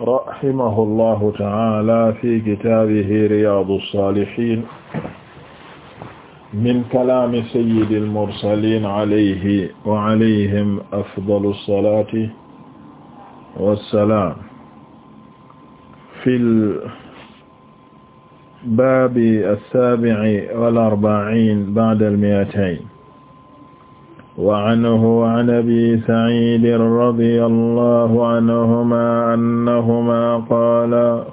rahimahu llahu taala fi kitaabihi riyaadu saalihiin min kalaami sayyidil mursaliin alayhi wa alayhim afdalu salaati wa salaam fil baabi assaabi'i wal arba'iin ba'dal mi'atayn wa anhu an abi saciidin radiya allahu anhuma annahuma qaala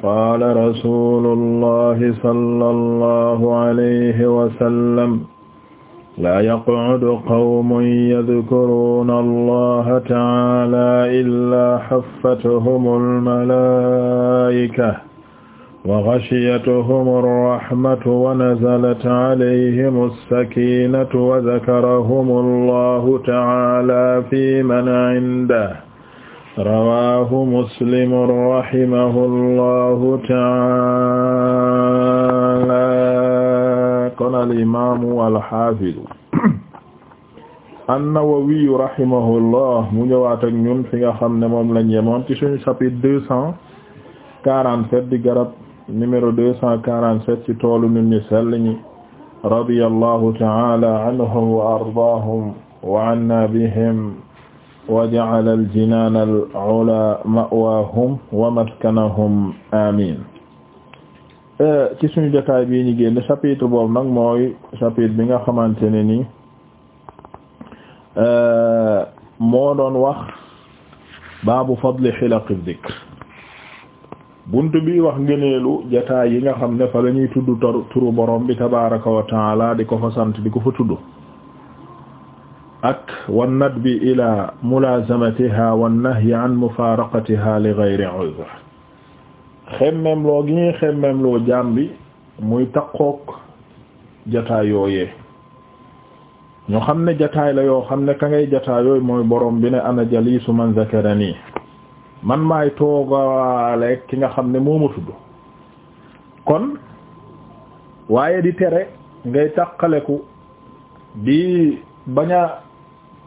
qaala rasulu allahi salla allahu alayhi wasallam laa yaqcudu qawmun yadkuruuna allaha tacaala illaa xaffathum almalaa'ika wa ghashiyatuhum ar-rahmatu wa nazalat alayhim as-sakinatu wa dhakarahum allahu ta'ala fi man 'indahu rawaahu muslim rahimahullahu ta'aala kon al-imaamu al-haafidu an-Nawawiyu rahimahullah mu ñëwaat ak ñun fi nga xam ne moom lañ yemoon ci suñu chapitre deux cent quarante-sept di garab numéro 247 ci toolu nit ñi sell ñi radiyallahu ta'ala anhum wa ardaahum wa anna bihim wa ja'ala al-jinaan al-'ulaa ma'waahum wa maskanahum amiin euh, ci suñu jotaay bii ñu génn chapitre boobu nag mooy chapitre bi nga xamante ne ni euh, moo doon wax baabu fadli hilaq adh-dhikr bunt bi wax ngëneelu jataay yi nga xam ne fa la ñuy tudd turu borom bi tabaraka wa taala di ko fa sant di ko fa tudd ak wan nadbi ila mulazamatiha wan nahyi an mufaraqatiha li ghayri uzr xemmem loo gi ñuy xemmem loo jaam bi muy taqook jataay yooyee ñu xam ne jataay la yoo xam ne ka ngay jataay yooyu mooy borom bi ne ana jalisu man zakarani man maay toogaale ki nga xam ne moo ma tudd kon waaye di tere ngay tàqaleku bi bañ a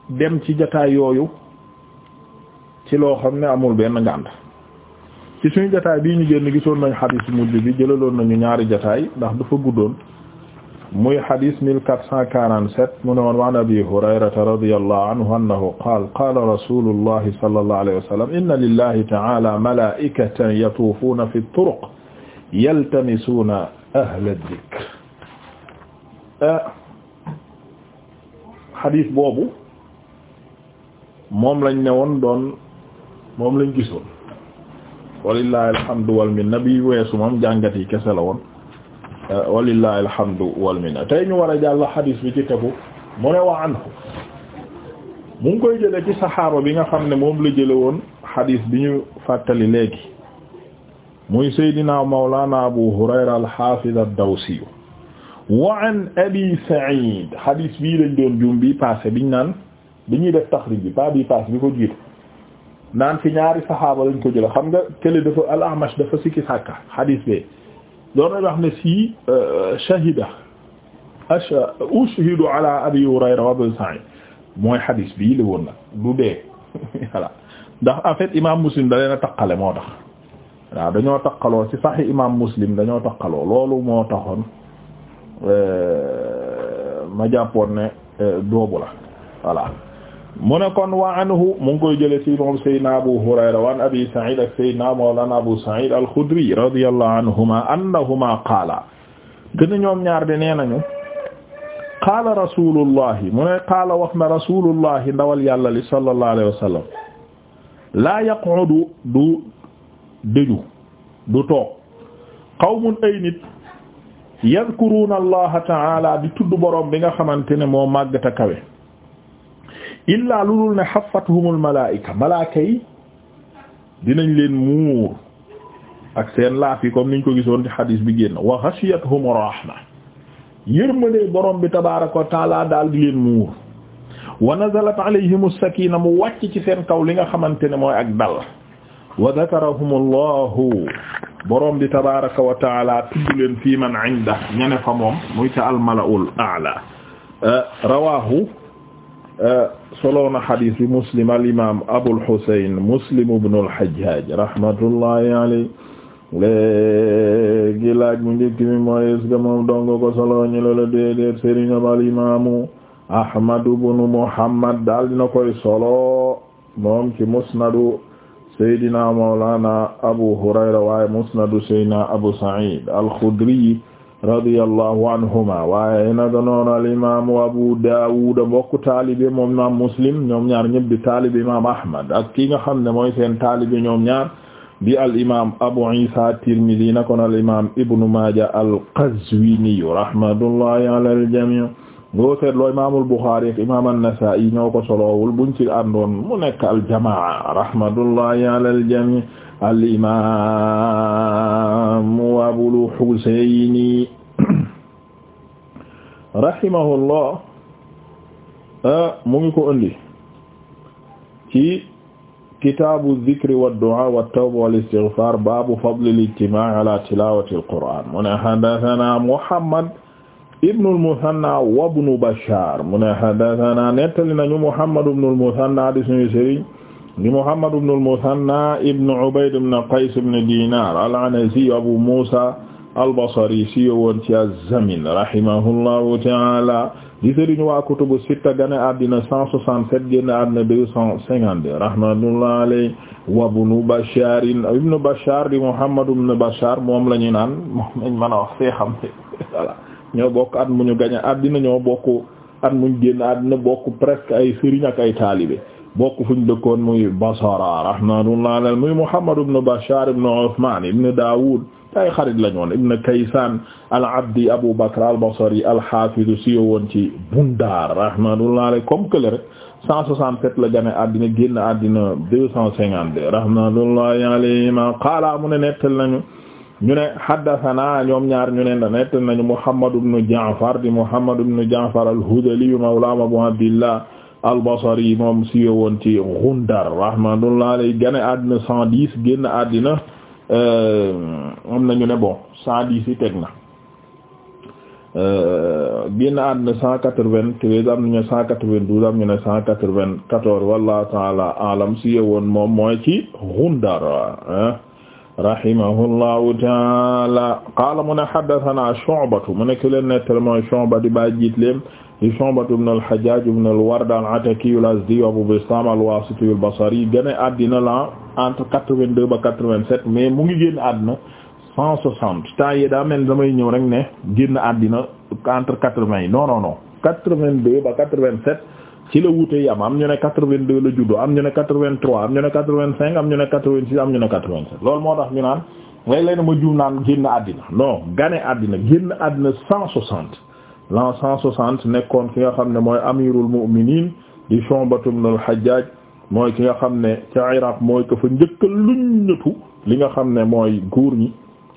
dem ci jataay yooyu ci loo xam ne amul benn ngànt ci suñu jataay bii ñu génn gisoon nañu xadiis mujj bi jëlaloon nañu ñaari jataay ndax dafa guddoon muy xadis 1447 mu ne woon waan abi hurayrata radiyallahu anhu annahu qaala qaala rasulullahi sallallahu alayhi wa sallam inna lillahi ta'ala malaa'ikatan yatuufuuna fi turuq yaltamisuuna ahla dikr eh, xadis boobu moom lañ ne woon doon moom lañ gisoon walillahi alhamdu wal minna bi weesu moom jàngat yi kese la woon Eh, walillahi alhamdu wal tey ñu war a jàll xadiis bi ci tegu mu ne wa anhu ngi koy jële ci saxaaba bi nga xam ne moom la jële woon xadiis bi ñu fàttali léegi muy saydina mawlana abu hurayra alxaafid ad-dawsi wa an abi sa'id xadiis bii lañ doon jum bi ñu naan bi ñuy def taxrij bi pas bi passé bi ko jiitu naan fi ñaari saxaaba lañ ko jële xam nga kële dafa al-Amash dafa sikki sàkka xadiis bee doon nañ wax ne si euh, shahida asha ushhidu ala abi hurayra wa woon nag du ndax en fait imam muslim da leen a taqale moo dañoo taqaloo ci saxi imam muslim dañoo taqaloo loolu moo taxoon euh, ma jàppoon ne euh, doobu mu kon wa anhu mu ngi koy jële ci moom saydna Abu Hurayra wa an Abi Sa'id ak saydna mawlana Abu Sa'id al-Khudri anhuma qaala gëna ñoom ñaar de nee nañu qaala rasulullahi mu wax na rasulullahi ndawal yàlla li sallallahu alayhi wa sallam laa yaqudu du dëju du toog qawmun ay nit yadkuruna taala di tudd boroom bi nga xamante ne moo màgg kawe illaa lu dul ne xafathumul malaayika malaaka yi dinañ leen muur ak seen laaf yi comme niñ ko gisoon ci xadiis bi génn wa xasiyathum rahma yërmande borom bi tabaaraka wa taala daal di leen muur wa nazalat alayhim as-sakina mu wàcc ci seen kaw li nga xamante ne mooy ak dal wa dakarahum allahu borom bi tabaaraka wa taala tudd leen fii man inda ñene fa moom muy ca al mala'ul a'la rawahu Eh, solo na xadis bi muslim al imaam Abul Muslim ibn al Hajjaj rahmatullahi alayhi léegi laaj mu njëkk mi mooy est-ce moom dong ko solo ñu la déedéet Serigne al imaamu Ahmad ibn Muhammad daal dina koy solo moom ci musnadu Seydina Mawlana Abu Hurayra waaye musnadu Seydina Abu Sa'id al radiyallahu anhuma waaye naka noonu al imaamu Abu Daawud mbokku taalibe moom imaam Muslim ñoom ñaar ñëpp di taalibe imaam Ahmad ak ki nga xam ne mooy seen taalibe ñoom ñaar di al imaam Abu Isa Tirmidhi nakon al imaam Ibnu Maaja al Qazwini rahmatullahi ala al jamii boo seetloo imaamul Buxaari ak imaam an-Nasaa'i ñoo ko solowul buñ ci àndoon mu nekk al jamaa rahmatullahi ala al jamii al imaam Abul Husayni rahimahullah ah, mu ngi ko indi ci kitaabu zikri wa du'a wa tawba wal istighfar baabu fadli al-ijtima' ala tilawati al-Qur'an mu ne haddathana Muhammad ibnu al-Muthanna wa ibnu Bashar mu ne haddathana nettali nañu Muhammad ibnu al-Muthanna di suñu sëriñ di Muhammad ibnu al-Muthanna ibnu Ubayd ibnu Qays ibnu Dinar al-Anazi Abu Musa al-Basri si yowoon ci az-Zamin rahimahullahu ta'ala di sëriñu waa kutubu sitta gane àddina 167 génn àddina 252 rahmatullahi alayhi wa ibnu Bashar ibnu Bashar di Muhammad ibnu Bashar moom la ñu naan moom lañ mën a xam ñoo bokk at mu ñu gañ àddina ñoo bokk at mu ñu génn bokk presque ay sëriñ ak ay taalibe bokk fuñ dëkkoon muy Basra rahmatullah alayhi muy Muhammad ibn Bashar ibn Uthman ibn Dawud ay xarit la ñoon ibn Kaysan al-Abdi Abu Bakr al-Basri al-Hafiz siyo woon ci Bundar rahmatullah alayhi comme que le rek 167 la gane addina génn addina 252 rahmatullahi alayhima qaala mu ne nettal nañu ñu ne haddathana ñoom ñaar ñu ne nettal nañu Muhammad ibn Ja'far di Muhammad ibn Ja'far al-Hudhali mawla Abu Abdillah al-Basri moom siiwe woon ci Gundar rahmatullah alayhi gane àddina cent dix génn àddina euh, am nañu ne bon cent dix na euh, génn àddina cent quatre-vingt-treize am nañu ne cent quatre-vingt-douze am nañu ne cent quatre-vingt-quatorze wallahu ta'ala alam siiwe woon moom mooy ci Gundar rahimahullahu ta'ala qaala mu ne haddathana Shu'batu mu ne ki leen nettale mooy Shu'ba di Shu'batu ibn al-Hajjaj ibn al-Ward al-Ataki gane àddina la entre quatre-vingt-deux ba quatre-vingt-sept mais mu ngi génn àddina cent soixante temps yi daa mel damay ñëw rek ne génn àddina entre quatre-vingt yi non non non quatre-vingt-deux ba quatre-vingt-sept ci la wuute yi am am ñu ne quatre-vingt-deux la juddu am ñu ne quatre-vingt-trois am ñu ne quatre-vingt-cinq am ñu ne quatre six am ñu ne quatre-vingt-sept loolu moo tax ñu naan léeg-léeg ma juum naan génn àddina non gane àddina génn àddina cent soixante l'an 160 nekkoon ki nga xam ne mooy amirul mu'minin di Shu'batu ibn al-Hajjaj mooy ki nga xam ne ca Iraq mooy ko fa njëkka luñ ñëtu li nga xam ne mooy góor ñi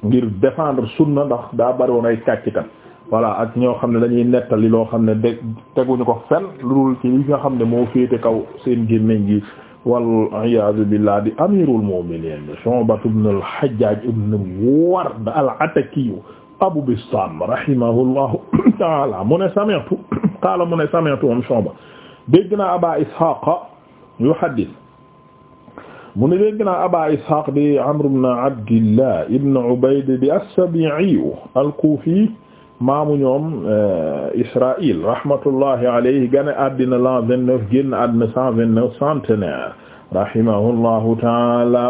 ngir défendre sunna ndax daa bari ay kàccikat voilà ak ñoo xam ne dañuy nettali loo xam ne de teguñu ko fen lu dul li nga xam ne moo féete kaw seen gémmiñ gi wal iyaazu billah di amirul mu'minin Shu'batu ibn al-Hajjaj ibn Ward al-Ataki Abu Bistam rahimahullahu ta'ala mu ne sami'tu qaala mu ne sami'tu am Shu'ba dégg naa Aba Ishaq yuhaddith mu ne dégg naa Aba Ishaq di Amr ibn Abdillah ibn Ubayd di as-Sabi'i al-Kufi maamu ñoom eh, Israaïl rahmatullahi alayhi gane àddina l'an vingt-neuf génn àddina cent vingt-neuf centenaire rahimahullahu ta'ala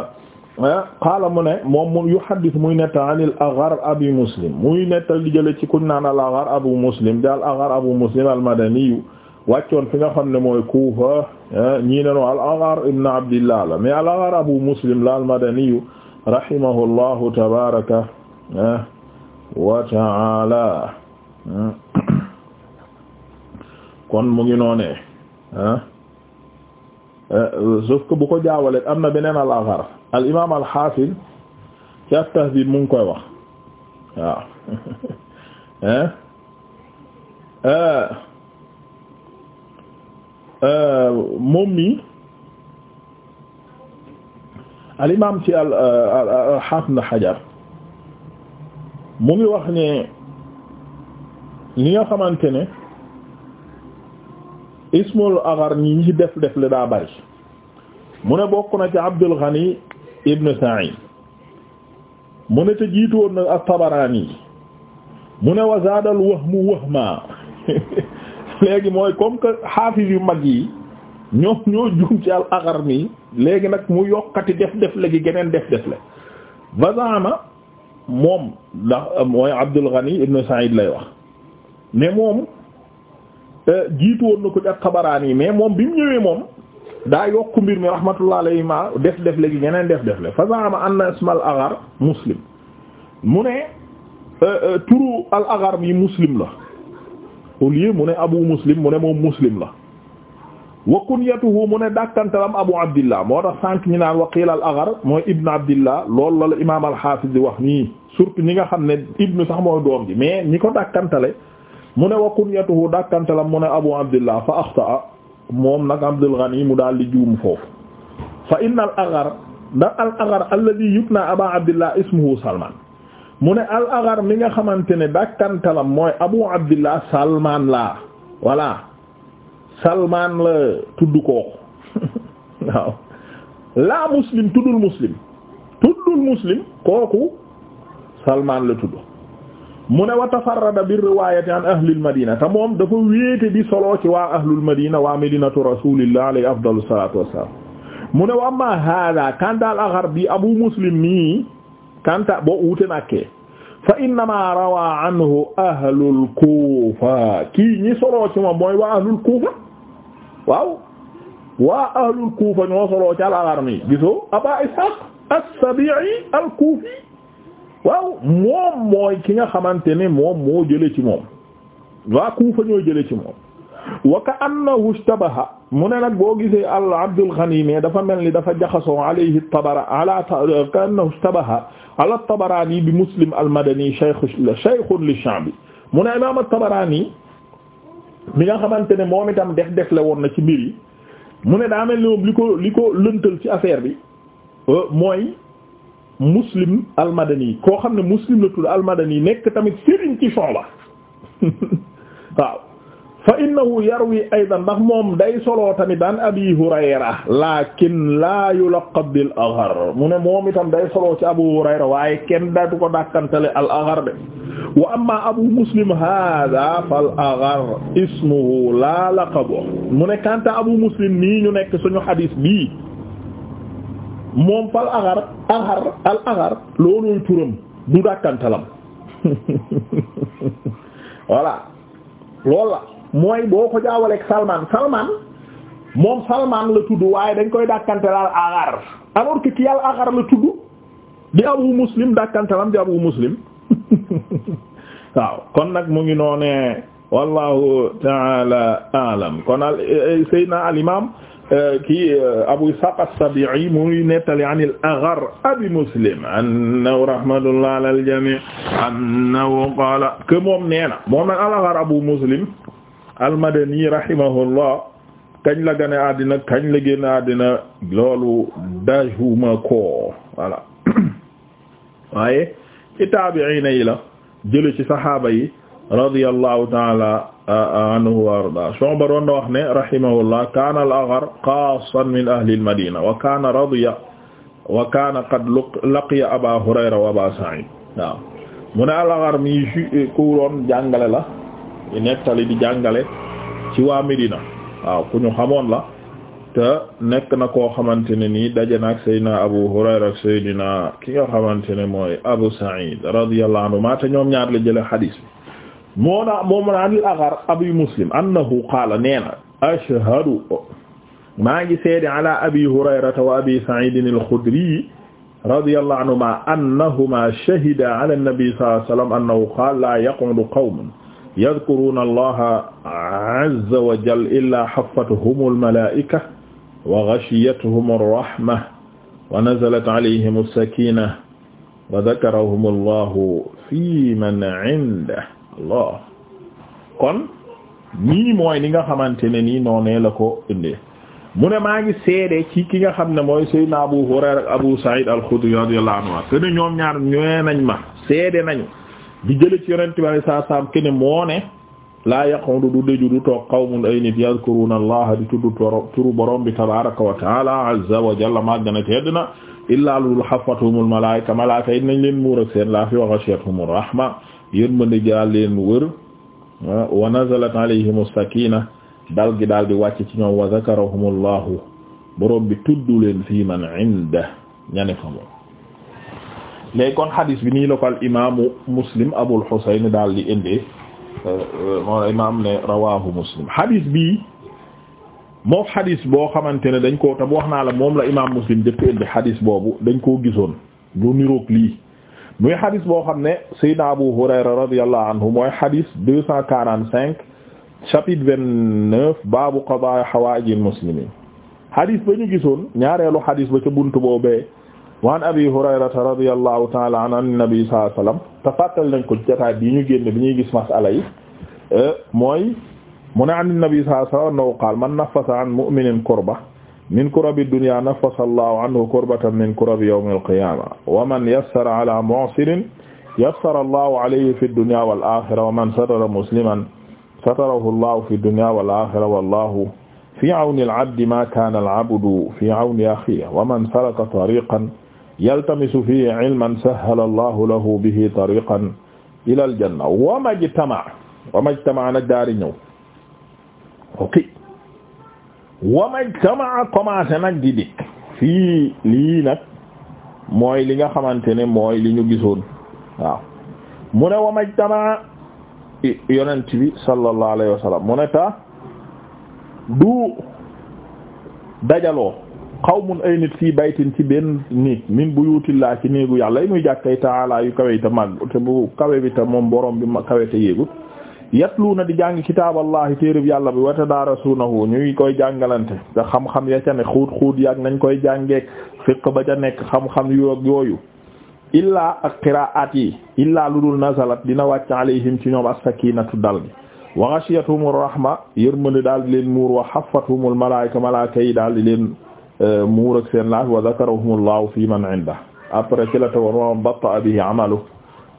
Eh? qaala mu ne moom mu yu xaddis muy nettal an al Aghar abi Muslim muy nettal di jële ci kuñ naan al Aghar abu Muslim daal Aghar abu Muslim al madaniyu wàccoon fi nga xam ne mooy Kuufa eh? ñii ne noo al Aghar ibn Abdillah la mais al Aghar abu Muslim la al madaniyu rahimahullahu tabaaraka eh? wa ta'ala kon mu ngi noonee sauf que bu ko jaawalee am na beneen al Aghar al imaam al xaafil ci at-Tahdhib mu ngi koy wax waaw eh? Eh? Eh, moom mi al imaam ci al al Hajar mu ngi wax ni li nga xamante ni ismul agar ñi ñi def def la daa bari mu ne bokk na ci Abdul Ghani ibn Sa'id mu ne te jiitu woon na at yi mu ne wa zaada mu wahmu maa léegi mooy comme que xaafis yu mag yi ñoom ñoo juum ci al-Agharni léegi nag mu yokkati def def la gi geneen def def la vazaama moom ndax mooy Abdul Ghani ibn Sa'id lay wax mais moom euh, jiitu woon na ko ak at-Tabarani mais moom bi mu ñëwee moom daa yokk mbir mi rahmatullah alayhi ma def def léegi ñeneen def def le fa zaama anna ismal aghar muslim mu ne euh, euh, turu al aghar mi muslim la au mu ne abu muslim mu ne moom muslim la wa mu ne dàkkantalam abu abdillah moo tax sànq ñu naan waqil al aghar mooy ibn abdillah loolu la imaam al wax nii surtout ñi nga xam ne ibnu sax mooy doom gi mais ñi ko dàkkantale mu ne wa kunyatuhu dàkkantalam mu ne abu abdillah fa axtaa moom nag Abdul Ghani mu daal di juum foofu fa inna al aghar ndax al aghar alladhi yubna aba abdillah ismuhu salman mu ne al aghar mi nga xamante ne dakkantalam mooy abu abdillah salman la voilà salman la tudd kooku waaw laa muslim tuddul muslim tuddul muslim kooku salman la tudd mu ne wa tafarrada bi riwayati an ahlil madina te moom dafa wéete di solo ci waa ahlul madina waa madinatu rasulillah alayhi afdalu salatu wassalam mu ne wa amma hada kandaal aghar bi abu muslim nii kanta boo wuute nakkee fa innama rawa anhu ahlul kuufa kii ñi solo ci moom mooy waa ahlul kuufa waaw waa ahlul kuufa ñoo solo ci al aghar mi gisoo aba ishaq as-sabi'i al-kufi waaw moom mooy ki nga xamante ne moom moo jële ci moom waa Kufa ñoo jële ci moom wa ka annahu ishtabaha mu ne nag boo gisee al Abdul Ghani ne dafa mel ni dafa jaxasoo alayhi tabara ala ka annahu ishtabaha ala Tabarani bi Muslim al Madani shaykh shaykh li Sha'bi mu ne imaam at-Tabarani mi nga xamante ne moom itam def def la woon na ci mbir yi mu ne daa mel ni moom li ko li ko lëntal ci affaire bi euh, mooy muslim almadani koo xam ne muslim la nekk tamit sëriñ ci Shu'ba yarwi aydan ndax moom day solo tamit an abi hurayra lakin la yulaqab bil aghar mu ne moom itam day solo ci abu hurayra waaye kenn datu ko dàkkantale al aghar de wa amma abu muslim hada fal aghar ismuhu la laqabu mu ne kanta abu muslim nii ñu nekk suñu hadis bii moom fal agar agar al agar loolooy turam du dàkkantalam voilà loolu la mooy boo ko jaawaleeg Salman Salman moom Salman la tudd waaye dañ koy dàkkantalal agar alors que ki al agar la tudd di abu muslim dàkkantalam di abu muslim waaw kon nag mu ngi noonee wallahu taala alam kon al eh, eh, sayyidina Euh, kii euh, Abu Ishaq as-Sabi'i muy nettali an al-Aghar abi Muslim annahu rahmatullah ala al-jami' annahu qaala que moom nee na moom nag al-Aghar Abu Muslim al-Madani rahimahullah kañ la gane àddina kañ la génn àddina loolu dajuma ko voilà waaye ci taabi'iina yi la jële ci saxaaba yi radiyallahu ta'ala anhu wa arda Shu'ba doon na wax ne rahimahullah kaana min ahli al-Madina wa kaana Aba Hurayra wa Aba Sa'id waaw mi ku doon jàngale la nettali di jàngale ci waa Medina ku ñu xamoon la nekk na koo xamante ne nii daje na ak Seydina Abu Hurayra ak Seydina ki nga xamante ne mooy Abu Sa'id radiyallahu anhu maa te ñoom ñaar la jëlee xadiis moo naa moom naa nil agar abi muslim annahu qaala nee na ashhadu maa ngi seede ala abi hurayrata wa abi sa'idin al-khudri radiyallahu anhuma annahuma shahida ala an-nabi sallallahu alayhi wa sallam annahu qaala la yaqudu qawmun yadhkuruna allaha azza wa jalla illa haffatuhum al-malaa'ika wa ghashiyatuhum ar-rahma wa nazalat alayhim as-sakinah wa dhakarahum allahu fi man 'indahu Allah kon nii mooy li nga xamante ne nii noonee la ko indee mu ne maa ngi seede ci ki nga xam ne mooy Seydina Abu Hurayra ak Abu Sa'id al-Khudri radiyallahu anhu te ne ñoom ñaar nañ ma seede nañu di jële ci yonent bi sallallahu alayhi wasallam ke ne moo ne laa yaqudu du déju du toog qawmun ay nit yadhkuruna allaha di tudd turu borom bi tabaraka wa taala azza wa jalla magga na tedd na illaa lul hafathumul malaa'ika malaa'ika yi nañ leen muur ak seen laa fi wa ghashiyatuhumur rahma yërmande gi daal leen wër wa nazalat alayhim as-sakina dal gi daal di wàcc ci ñoom wa zakarahumullahu borom bi tudd leen fii man inda ñane fa moom léegi kon hadis bi nii la ko al imaamu muslim abul husayn daal di indee euh, euh, moo imaam ne muslim hadis bi moom hadis boo xamante ne dañ koo tam wax naa la moom la imaam muslim jëkk indi hadis boobu dañ koo gisoon lu niroog lii muy xadis boo xam ne Seydina Abu Hurayra radiyallahu anhu mooy xadis deux cent quarante cinq chapitre vingt-neuf baabu qadaa hawaa'ijil muslimiin xadis ba ñu gisoon ñaareelu xadis ba ca buntu boobee waan abi hurayrata radiyallahu taala an an nabi sallallahu alayhi wasallam te fàttal nañ ko jotaay bi ñu génn bi ñuy gis masala yi euh, mooy mu ne an nabi sallallahu alayhi man naffasa an mu'minin kurba min kurabi dunya nafasa allahu anhu kurbatan min kurabi yawmi alqiyama wa man yassara ala mu'sirin yassara allahu alayhi fi dunya wal akhira wa man satara musliman satarahu allahu fi dunya wal akhira wallahu fi awni al-abdi ma kana al-abdu fi awni akhihi wa man salaka tariqan yaltamisu fihi ilman sahhala allahu lahu bihi tariqan ila al-janna wa majtama wa majtama nag daari ñëw ok wa majtama'a commencé nag di dikk fii lii nag mooy li nga xamante ne mooy li ñu gisoon waaw mu ne wa majtama'a yonent bi sallallahu alayhi wa mu ne ta du dajaloo xawmun ay nit fii baytin ci benn nit min buyutillah ci néegu yàlla yi muy jàkkay taala yu kawe yi te màgg bu kawe bi ta moom borom bi kawe te yéegut yatluuna di jàng kitaaballahi téereb yàlla bi watadaarasuunahu ñuy koy jàngalante te xam-xam ya ca ne xuut xuut yaag nañ koy jàngeek fiq ba ca nekk xam-xam yoog yooyu illaa ak qiraat yi illaa lu dul nazalat dina wàcc alayhim ci ñoom as-sakiinatu dal gi wa ghashiyatuhumur rahma yërmande daal di leen muur wa haffatuhumul malaa'ika malaaka yi daal di leen euh, muur ak seen laaf wa zakarahumullahu fi man inda après ci la tawoon wa batta bihi amalu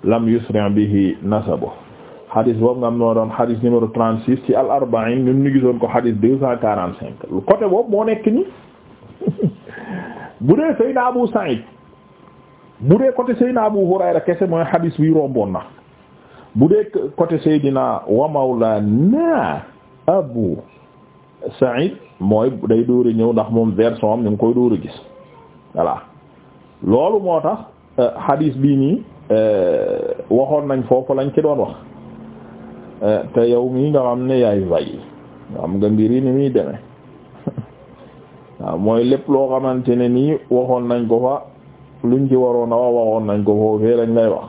lam yusri bihi nasabu xadis boobu nga am noo doon xadis numéro 36 ci al arba'in ñun ñu gisoon ko xadis 245 côté boobu moo nekk ni bu dee Seydina Abu Sa'id bu dee côté Seydina Abu Hurayra kese mooy xadis bi romboon na bu dee côté Seydina wa mawlana Abu Sa'id mooy day dóori ñëw ndax moom version am ñu ngi koy dóori gis voilà loolu moo tax euh, xadis bii nii euh, waxoon nañ foofu lañ ci doon wax Eh, te yow mii nga xam ne yaay fay xam nga mbir ni muy demee waaw mooy lépp loo xamante ne nii waxoon nañ ko fa luñ ci waroon a wax waxoon nañ ko foofee lañ lay wax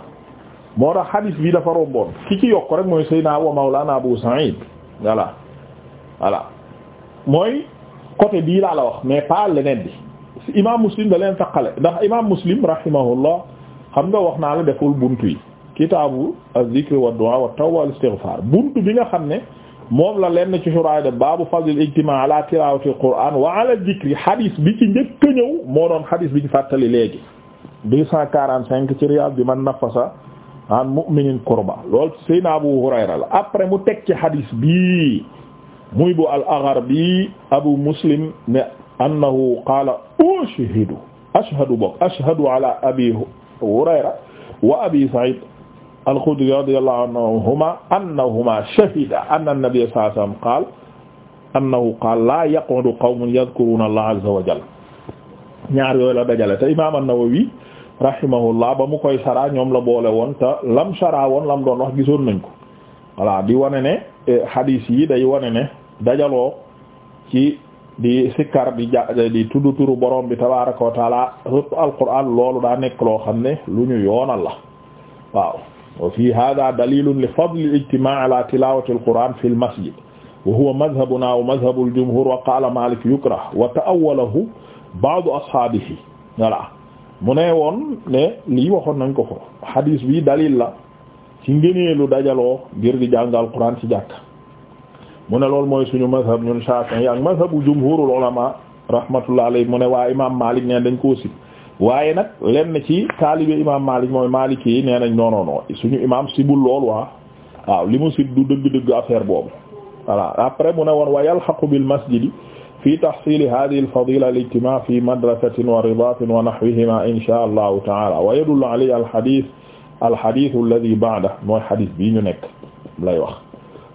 moo tax hadith bi dafa romboon ki ci yokk rek mooy Seydina wa Mawlana Abu Sa'id voilà voilà mooy côté bii laa la wax mais pas leneen bi imam Muslim da leen taqale ndax imam Muslim rahimahullah xam nga wax naa la deful buntu yi kitaabu az-zikr wa du'a wa tawba wal istighfar bi nga xam ne moom la leen ci suraay de baabu fadl ijtima ala tilawatil qur'an wa ala zikri hadis bi ñëw moo doon hadis bi ñu fàttali léegi deux cent quarante cinq ci Riyad bi man nafasa an mu'minin kurba lool Seydina Abu Hurayra après mu teg ci hadis bii muy bu al-Agharbi Abu Muslim ne annahu qaala ashhadu ashhadu bok wa abi Sa'id al-Khudri radiyallahu anhuma annahuma shahida anna an-nabiyya sallallahu alayhi wasallam qaala annahu qaala laa yaqudu qawmun yadhkuruna allaha azza wa jalla ñaar yooyu la dajale te imaam an-Nawawi rahimahullah ba mu koy sara ñoom la boole woon te lam sara woon lam doon wax gisoon nañ ko voilà di wane ne eh, hadis yi day wane ne dajaloo ci di sikkar di ja di tudd turu borom bi tabaaraka wa taala surtout alquran loolu daa nekk loo xam ne lu ñu yoonal la waaw wa fi hada dalilun li fadli al-ijtima' ala tilawati al-Qur'an fi al-masjid wa huwa madhhabuna wa madhhabu al-jumhur wa qala Malik yukrah wa ta'awwalahu ba'du ashabihi voilà mu ne woon ne lii waxoon nañ ko fo hadis bi dalil la ci ngëneelu dajaloo ngir di jàngal Qur'an ci jàkk mu ne loolu mooy suñu madhhab ñun Shafi'i ak madhhabu jumhurul ulama rahmatullah alayhi mu ne waa imam Malik ne dañ ko si waaye nag lenn ci taalibe imaam Maalik mooy Maaliki yi nee nañ non non non suñu imaam sibul lool waa ah. waaw li mu sib du dëgg-dëgg affaire boobu voilà après mu ne woon wa yalhaqu bil masjidi fi tahsili hadhihi al fadila al ijtima' fi madrasatin wa ridatin wa nahwihima insha allahu taala wa yadullu alayhi al hadith al hadith alladhi ba'dahu mooy hadith bii ñu nekk lay wax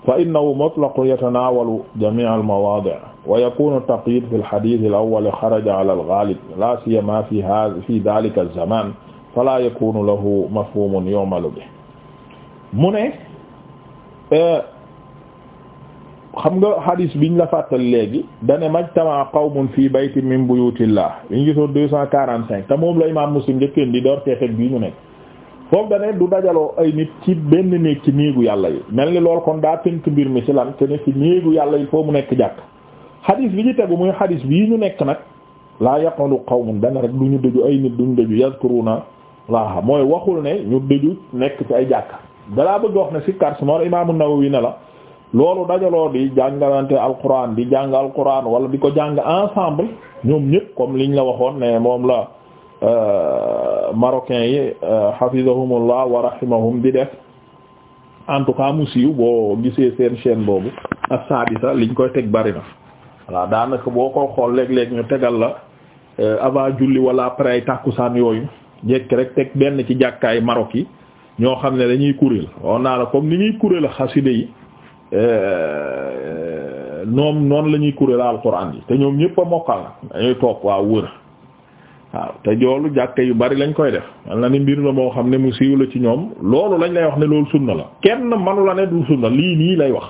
fa innahu mutlaqun yatanaawalu jamii al-mawaadi' wa yakuunu at-taqyiid fi al-hadiith al-awwal xaraja ala al-ghaalib laa siyamaa fi haadha fi dhaalika az-zamaan falaa yakuunu lahu mafhuumun yu'malu bihi mu ne eh, xam nga hadith biñ la fàttali léegi dane majtama qawmun fii baytin min buyuutillah liñ gisoon deux cent quarante-cinq te moom la imaam Muslim njëkkeen di door teefeg bii ñu nekk foofu da ne du dajaloo ay nit ci benn néeg ci néegu yàlla yi mel ni lool kon daa tënk mbir mi ci lan te ne ci néegu yàlla yi foo mu nekk jàkk xadis bi ci tegu muy xadis bii ñu nekk nag laa xaw qawmun dana rek du ñu dëju ay nit du ñu dëju yazkuruna laaha mooy waxul ne ñu dëju nekk ci ay jàkk dalaa bëgg wax si kar si moor imaamu Nawawi ne la loolu dajaloo di jàngalante alquran di jàng al alquran wala di ko jàng ensemble ñoom ñëpp comme liñ la waxoon ne moom la Euh, marocain yi euh, hafizahumullah wa rahimahum di def en tout boo gisee seen chaîne boobu as-sadisa liñ koy teg bari na voilà daanaka boo ko xool léeg-léeg ñu tegal la euh, avant julli wala après ay tàkkusaan yooyu jekk rek teg benn ci jàkkaay Maroc yi ñoo xam ne dañuy kuréel naa la comme ñuy kuréel xasida yi noom noonu la ñuy kuréel alxuraan yi te ñoom ñëpp a mokkal dañuy toog waaw wër waaw te joolu jàkka yu bari lañ koy def man la ni mbir moo xam ne mu siiw la ci ñoom loolu lañ lay wax ne loolu sunna la kenn manu la ne du sunna lii nii lay wax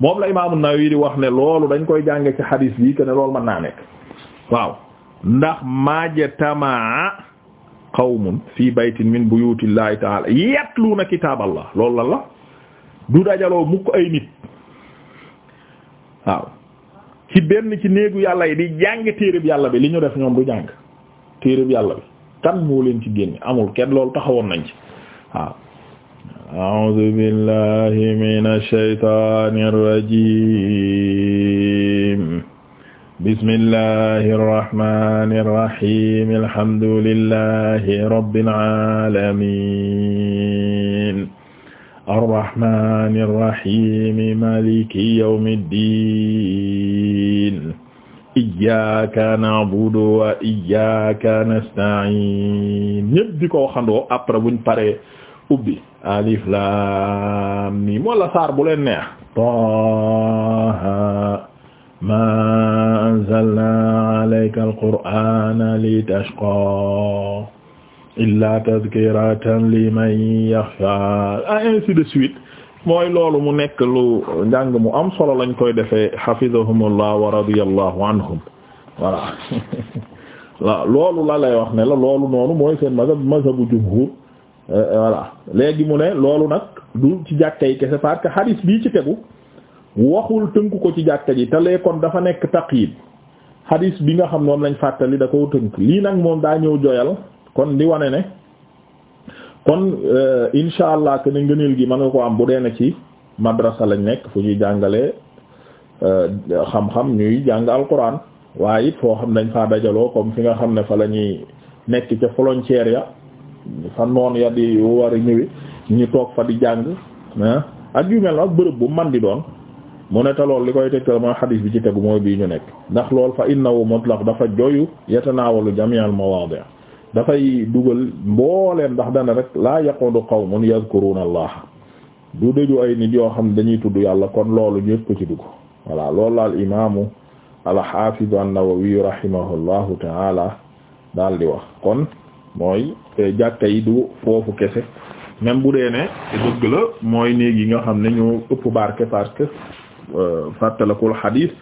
moom la imaamu Nawawi di wax ne loolu dañ koy jànge ci xadiis bi que ne loolu mën naa nekk waaw ndax majtamaa qawmun fii baytin min buyutillahi taala yatluuna kitaaballah loolu lan la du dajaloo mukk ay nit waaw ci benn ci néegu yàlla yi di jàng téereb yàlla bi li ñu def ñoom du jàn téeréb yàlla bi kan moo leen ci génne amul kenn loolu taxawoon nañ ci waaw a'uuzu billahi minash shaytaanir rajiim bismillahir rahmanir rahim alhamdulillahi rabbil alamin arrahmanir rahim maliki yawmiddin iyyaka na'budu wa iyyaka nasta'in ñépp di ko waxandoo après buñ paree ubbi alif laam miim wala saar bu leen neex taaha ma anzalna alayka alqur'ana litashqa illa tadhkiratan liman yakhsha ainsi de suite mooy loolu mu nekk lu njàng mu am solo lañ koy defee hafizahumullah wa radiyallahu anhum voilà waaw loolu la lay wax ne la loolu noonu mooy seen mazhab mazhabu jumhur euh, euh, voilà léegi mu ne loolu nag du ci jàkka yi kese parce que bii ci tegu waxul tënk ko ci jàkka ji te lee kon dafa nekk taqyid hadith bi nga xam moom lañ fàttali da koo tënk lii nag moom daa ñëw joyal kon li wane ne kon euh, insha allah que ne gi man nga ko am bu dee na ci madrasa lañ nekk fu ñuy jàngalee euh, xam-xam ñuy jàng alquran waaye it foo xam nañ faa dajaloo comme fi nga xam ne fa la ñuy nekk ca frontière ya fa noon ya di war a ñëwee ñu toog fa di jàng ah, ak yu mel na bërëb bu man di doon mu ne te lool li koy tegtal mooy xadiis bi ci tegu mooy bii ñu nekk ndax lool fa innahu mutlaq dafa joyu yatanaawalu jami'al mawaadi' dafay dugal mbooleem ndax dana rek laa yaqudu qawmun yadhkuruna allah du dëju ay nit yoo xam ne dañuy tudd yàlla kon loolu ñépp ko ci dugg voilà loolu la al imaamu al hafiz an-Nawawi rahimahullahu taala di wax kon mooy jàkka yi du foofu kese même bu dee ne dëgg la mooy néeg yi nga xam ne ñoo ëpp barke parce que euh, fàttalikul hadith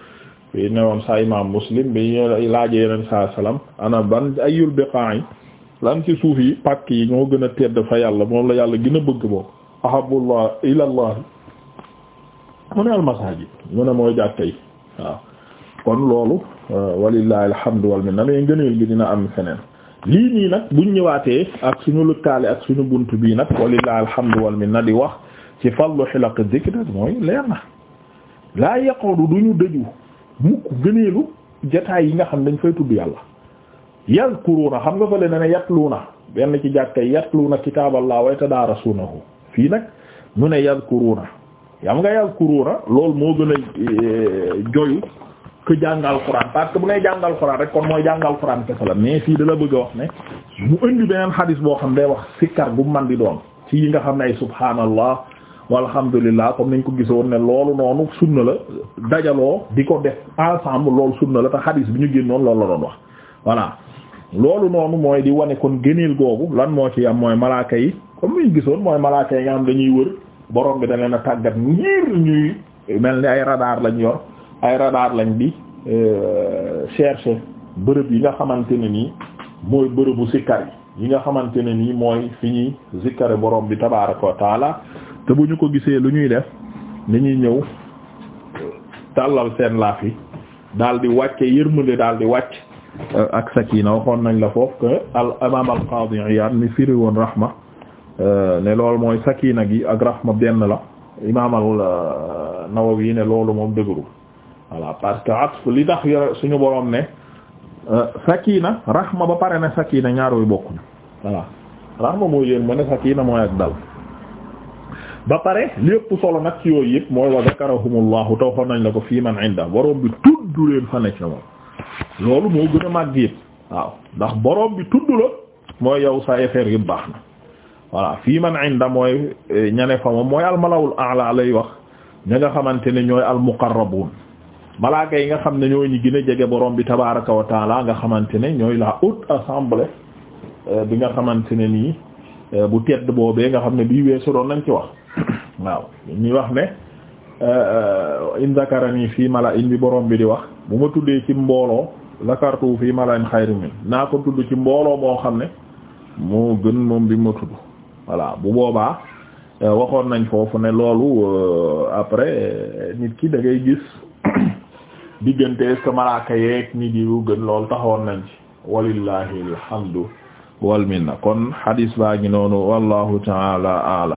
bi newoon sa imam muslim bi ñu laajee yeneen saa salaam ana ban ayul biqa'i lan ci suuf yi pàkk yi ñoo gën a tedd fa yàlla moom la yàlla gën a bëgg boo ahabullah ilallah mu ne almasajid mu ne mooy jàkka yi waaw kon loolu euh, walillahi alhamdu wal minna mais ngëneel gi dina am feneen lii nii nag ñu ñëwaatee ak suñu lëkkaale ak suñu bunt bii nag walillahi alhamdu wal minna di wax ci fadlu hilaq dhikr mooy leer na laa yaqodu duñu dëju mukk gëneelu jataay yi nga xam dañ fay tudd yàlla yazkuruuna xam nga fa le ne na benn ci jàkkay yatluuna kitaaballaa wa yatadaarasuunahu fii nag mu ne yal yazkuruuna yam nga yazkuruuna loolu moo gën a e, joyu que jàngal Qur'an parce bu ngay jàngal Qur'an rek kon mooy jàngal Qur'an kese mais fii dala bëgg a wax ne mu indi beneen xadis boo xam day wax sikkar bu man di doon ci yi nga xam ne ay subhaanallah walhamdulillah comme nañ ko gisoon ne loolu noonu sunna la dajaloo di ko def ensemble loolu sunna la te xadiis bi ñu génnoon loolu la doon wax voilà loolu noonu mooy di wane kon génneel googu lan moo ci am mooy malaaka yi comme niñ gisoon mooy malaaka yi nga xam dañuy wër borom bi da leen a tàggat ngir ñuy mel ni ay radar lañ yor ay radar lañ bi euh, chercher bërëb yi nga xamante ne nii mooy bërëbu sikkar yi nga xamante ne nii mooy fi ñuy zikkare borom bi tabaaraka te bu ñu ko gisee lu ñuy def li ñuy ñëw tàllal seen laaf yi di wàcc yërmande daal di wàcc euh, ak sakina waxoon nañ la foofu que al imam al qadi Iyad mi firi woon euh, ne loolu mooy sakiina gi ak rahma benn la imam al euh, Nawawi ne loolu moom dëgëru voilà parce que atf li tax suñu borom ne sakina rahma ba pare ne sakina ñaar yu bokkuñu voilà rahma mooy yéen ma ne sakina mooy ak dal ba pare lépp solo nag ci yooyu yëpp mooy wa zakarahumullahu nañ la ko fii man inda borom bi tudd leen fa nekk na moom loolu moo gën a màgg yëpp waaw ndax borom bi tudd la mooy yow sa affaire yëpp baax na voilà fii man inda mooy e, ñane fa moom mooy almalawul a'la lay wax ña nga xamante ne ñooy almuqarrabuun malaaka yi nga xam ne ñooy ñi gën a jege boroom bi tabaraka wa taala nga xamante ne ñooy la haute assemblée e, bi nga xamante ne nii e, bu tedd boobee nga xam ne bii weesu doon nañ wax waaw ñuy wax ne euh, in zakarani fii mala in bi borom bi di wax bu ma tuddee ci mbooloo zakartu fii mala in xayri min naa ko tudd ci mbooloo moo xam ne moo gën moom bi ma tudd voilà bu boobaa euh, waxoon nañ foofu ne loolu euh, après nit ki da ngay gis diggante est-ce que malaaka yeeg nit yi yu gën loolu taxawoon nañ ci walillahi alhamdu wal minna kon hadis baa ngi noonu wallahu taala alam